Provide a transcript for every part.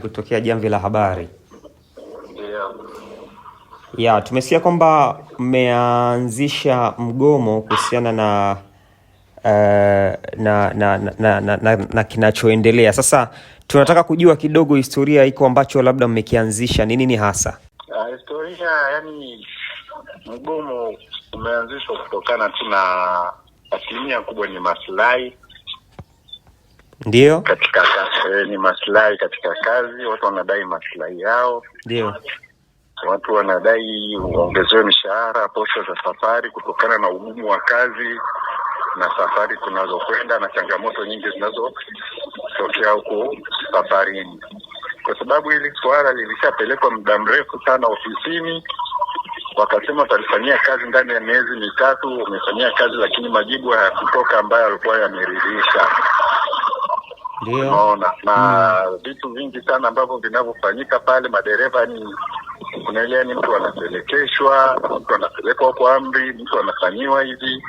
Kutokea Jamvi la Habari. Yeah. Ya, tumesikia kwamba mmeanzisha mgomo kuhusiana na, uh, na, na, na, na, na, na, na kinachoendelea sasa. Tunataka kujua kidogo historia iko ambacho labda mmekianzisha ni nini hasa? Uh, historia yani, mgomo umeanzishwa kutokana tu na asilimia kubwa ni maslahi ndio, katika eh, ni maslahi katika kazi, watu wanadai maslahi yao. Ndio, watu wanadai uongezewe mishahara, posa za safari, kutokana na ugumu wa kazi na safari tunazokwenda na changamoto nyingi zinazotokea huko safarini, kwa sababu hili suala lilishapelekwa muda mrefu sana ofisini. Wakasema watalifanyia kazi ndani ya miezi mitatu, wamefanyia kazi, lakini majibu hayakutoka ambayo yalikuwa yameridhisha unaona na mm. vitu vingi sana ambavyo vinavyofanyika pale, madereva ni kunaelea ni mtu anapelekeshwa, mtu anapelekwa kwa amri, mtu anafanyiwa hivi,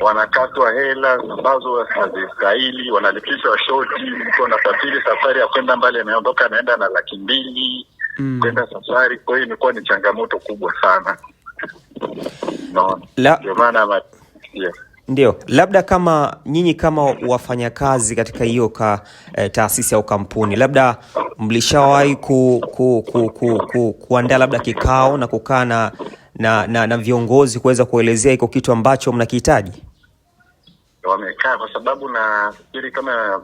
wanakatwa hela ambazo hazistahili, wanalipishwa shoti. Mtu anasafiri safari ya kwenda mbali, ameondoka anaenda na laki mbili mm. kwenda safari. Kwa hiyo imekuwa ni changamoto kubwa sana, ndio maana yeah. Ndio, labda kama nyinyi kama wafanyakazi katika hiyo ka e, taasisi au kampuni, labda mlishawahi ku, ku, ku, ku, ku, kuandaa labda kikao na kukaa na, na, na, na viongozi kuweza kuelezea iko kitu ambacho mnakihitaji? Wamekaa kwa sababu nafikiri kama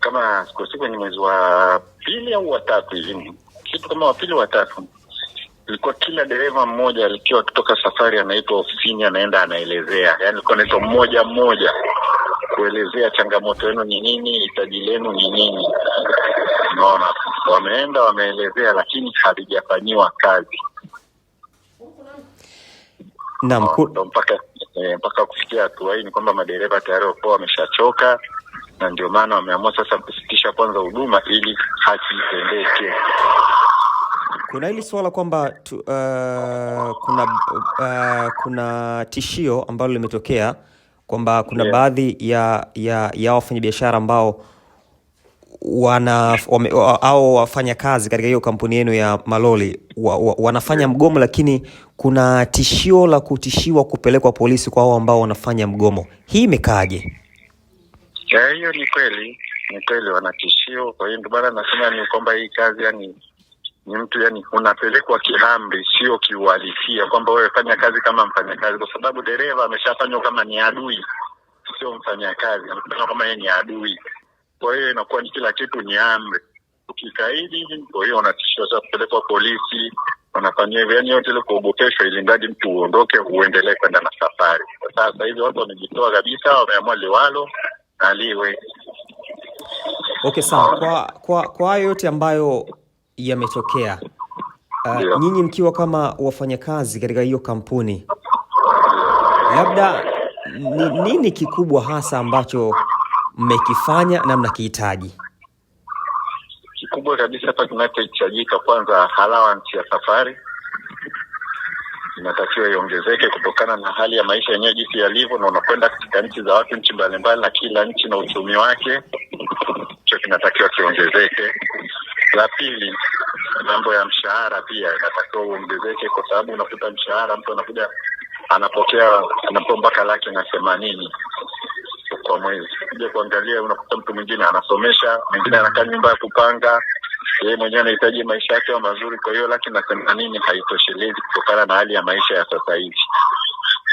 kama sikosi kwenye mwezi wa pili au watatu hivi, kitu kama wapili watatu ilikuwa kila dereva mmoja alikiwa akitoka safari anaitwa ofisini, anaenda anaelezea, yani ilikuwa naitwa mmoja mmoja kuelezea changamoto yenu ni nini, hitaji lenu ni nini. Unaona, wameenda wameelezea, lakini halijafanyiwa kazi na mpaka eh, mpaka kufikia hatua hii ni kwamba madereva tayari wakuwa wameshachoka, na ndio maana wameamua sasa kusitisha kwanza huduma ili haki itendeke kuna hili swala kwamba tu, uh, kuna, uh, kuna tishio ambalo limetokea kwamba kuna yeah, baadhi ya, ya, ya wafanyabiashara ambao wana wame, au wafanya kazi katika hiyo kampuni yenu ya maloli wa, wa, wanafanya mm. mgomo, lakini kuna tishio la kutishiwa kupelekwa polisi kwa hao ambao wanafanya mgomo. Hii imekaaje? Hiyo ni kweli, ni kweli wanatishio. Kwa hiyo ndio maana nasema ni kwamba hii kazi yani ni mtu yani unapelekwa kihamri, sio kiuhalisia, kwamba wewe fanya kazi kama mfanyakazi, kwa sababu dereva ameshafanywa kama ni adui, sio mfanyakazi, amefanywa kama yeye ni adui. Kwa hiyo inakuwa ni kila kitu ni amri, ukikaidi, kwa hiyo unatishiwa sasa kupelekwa polisi, wanafanyia hivyo, yani yote ile kuogopeshwa, ili mradi mtu uondoke, uendelee kwenda na safari. Sasa hivi watu wamejitoa kabisa, wameamua liwalo na liwe. Okay, sawa. Kwa kwa kwa yote ambayo yametokea, uh, yeah. Nyinyi mkiwa kama wafanyakazi katika hiyo kampuni labda ni, nini kikubwa hasa ambacho mmekifanya na mnakihitaji? Kikubwa kabisa hapa kinachohitajika kwanza, nchi ya safari inatakiwa iongezeke kutokana na hali ya maisha yenyewe jinsi yalivyo, na unakwenda katika nchi za watu, nchi mbalimbali, na kila nchi na uchumi wake, hicho kinatakiwa kiongezeke. La pili, mambo ya mshahara pia inatakiwa uongezeke, kwa sababu unakuta mshahara mtu anakuja anapokea anapewa mpaka laki na themanini kwa mwezi. Kuja kuangalia, unakuta mtu mwingine anasomesha, mwingine anakaa nyumba ya kupanga, yeye mwenyewe anahitaji maisha yake mazuri. Kwa hiyo laki na themanini haitoshelezi kutokana na hali ya maisha ya sasa hivi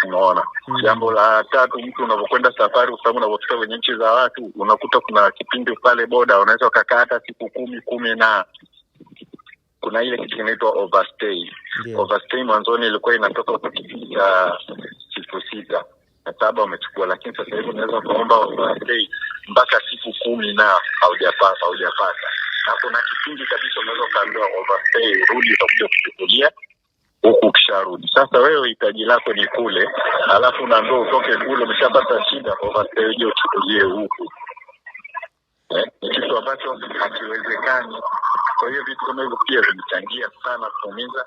unaona mm. Jambo la tatu, mtu unavyokwenda safari, kwa sababu unavyofika kwenye nchi za watu unakuta kuna kipindi pale boda unaweza ukakaa hata siku kumi kumi na kuna ile kitu kinaitwa overstay. Yeah. Overstay mwanzoni ilikuwa inatoka kwa kipindi cha siku sita na saba umechukua, lakini sasa hivi unaweza ukaomba overstay mpaka siku kumi na haujapata haujapata, na kuna kipindi kabisa unaweza ukaambiwa overstay, rudi, utakuja kuchukulia huku kisharudi sasa, wewe hitaji lako ni kule, alafu na ndo utoke kule, umeshapata shida, kwamba uje uchukulie huku eh, ni kitu ambacho hakiwezekani. Kwa hiyo vitu kama hivyo pia vimechangia sana kuumiza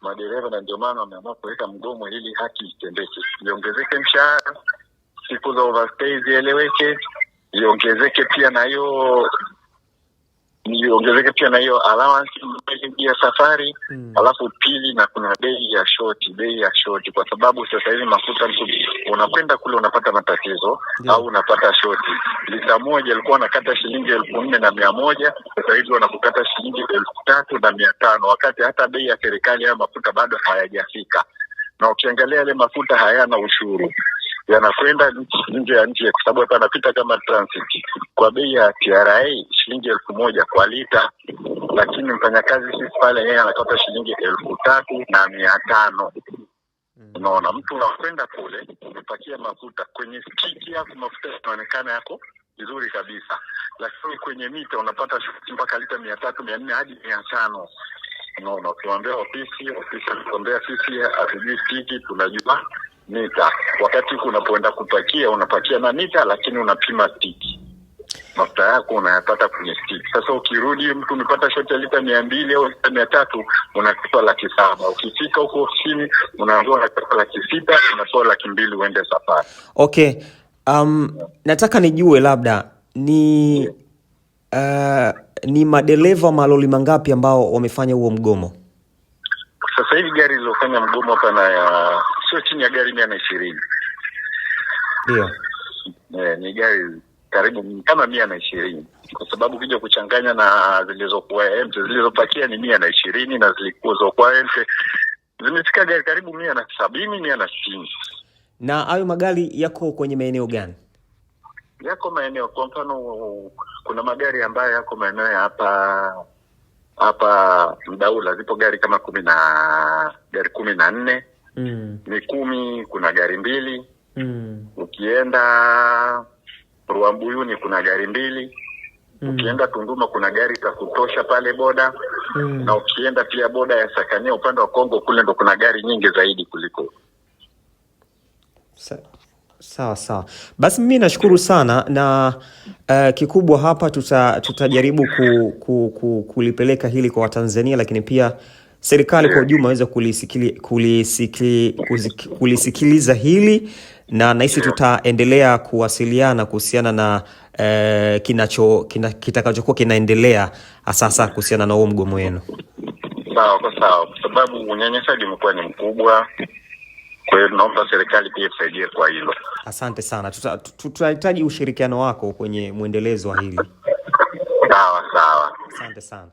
madereva, na ndio maana wameamua kuweka mgomo ili haki itendeke, iongezeke mshahara, siku za overstay zieleweke, iongezeke pia na hiyo iliongezeka pia na hiyo allowance ya safari mm. Alafu pili, na kuna bei ya shoti, bei ya shoti, kwa sababu sasa hivi mafuta mtu unakwenda kule unapata matatizo yeah. Au unapata shoti. Lita moja ilikuwa nakata shilingi elfu nne na mia moja sasa hivi wanakukata shilingi elfu tatu na mia tano wakati hata bei ya serikali hayo mafuta bado hayajafika, na ukiangalia yale mafuta hayana ushuru yanakwenda nje ya nje kwa sababu hapa anapita kama transit kwa bei ya TRA shilingi elfu moja kwa lita, lakini mfanyakazi sisi pale yeye anapata shilingi elfu tatu na mia tano. Unaona, mtu unakwenda kule umepakia mafuta kwenye stiki yako, mafuta yanaonekana yako vizuri kabisa, lakini kwenye mita unapata shughuli mpaka lita mia tatu mia nne hadi mia tano. Unaona, ukiwambea ofisi ofisi anakwambia sisi hatujui stiki, tunajua mita. Wakati unapoenda kupakia, unapakia na mita, lakini unapima stiki mafuta yako unayapata kwenye stiki. Sasa ukirudi, mtu umepata shoti ya lita mia mbili au lita mia tatu unatoa laki saba. Ukifika huko ofisini, unaambiwa unatoa laki sita, unatoa laki mbili uende safari. Okay, um, Nataka nijue labda ni yeah. uh, ni madereva maloli mangapi ambao wamefanya huo mgomo? Sasa hivi gari lilofanya mgomo hapa na ya sio chini ya gari mia na ishirini ndio yeah, ni gari karibu kama mia na ishirini kwa sababu kija kuchanganya na zilizokuwa zilizopakia ni mia na ishirini na zilizokuwa zimefika gari karibu mia na sabini mia na sitini na hayo magari yako kwenye maeneo gani yako maeneo kwa mfano kuna magari ambayo yako maeneo ya hapa hapa mdaula zipo gari kama kumi na gari kumi na nne mm. ni kumi kuna gari mbili mm. ukienda Ruambuyuni kuna gari mbili mm. ukienda Tunduma kuna gari za kutosha pale boda mm. na ukienda pia boda ya Sakania upande wa Kongo kule ndo kuna gari nyingi zaidi kuliko Sa sawa sawa, basi mimi nashukuru sana na uh, kikubwa hapa tuta, tutajaribu ku, ku, ku, kulipeleka hili kwa Watanzania, lakini pia serikali kwa ujumla waweze kulisikili, kulisikili, kulisikiliza hili na nahisi tutaendelea kuwasiliana kuhusiana na eh, kinacho kina, kitakachokuwa kinaendelea sasa kuhusiana na huo mgomo wenu. Sawa, kwa sawa, kwa sababu unyanyasaji umekuwa ni mkubwa. Kwa hiyo naomba serikali pia tusaidie kwa hilo. Asante sana, tutahitaji ushirikiano wako kwenye mwendelezo wa hili. Sawa sawa, asante sana.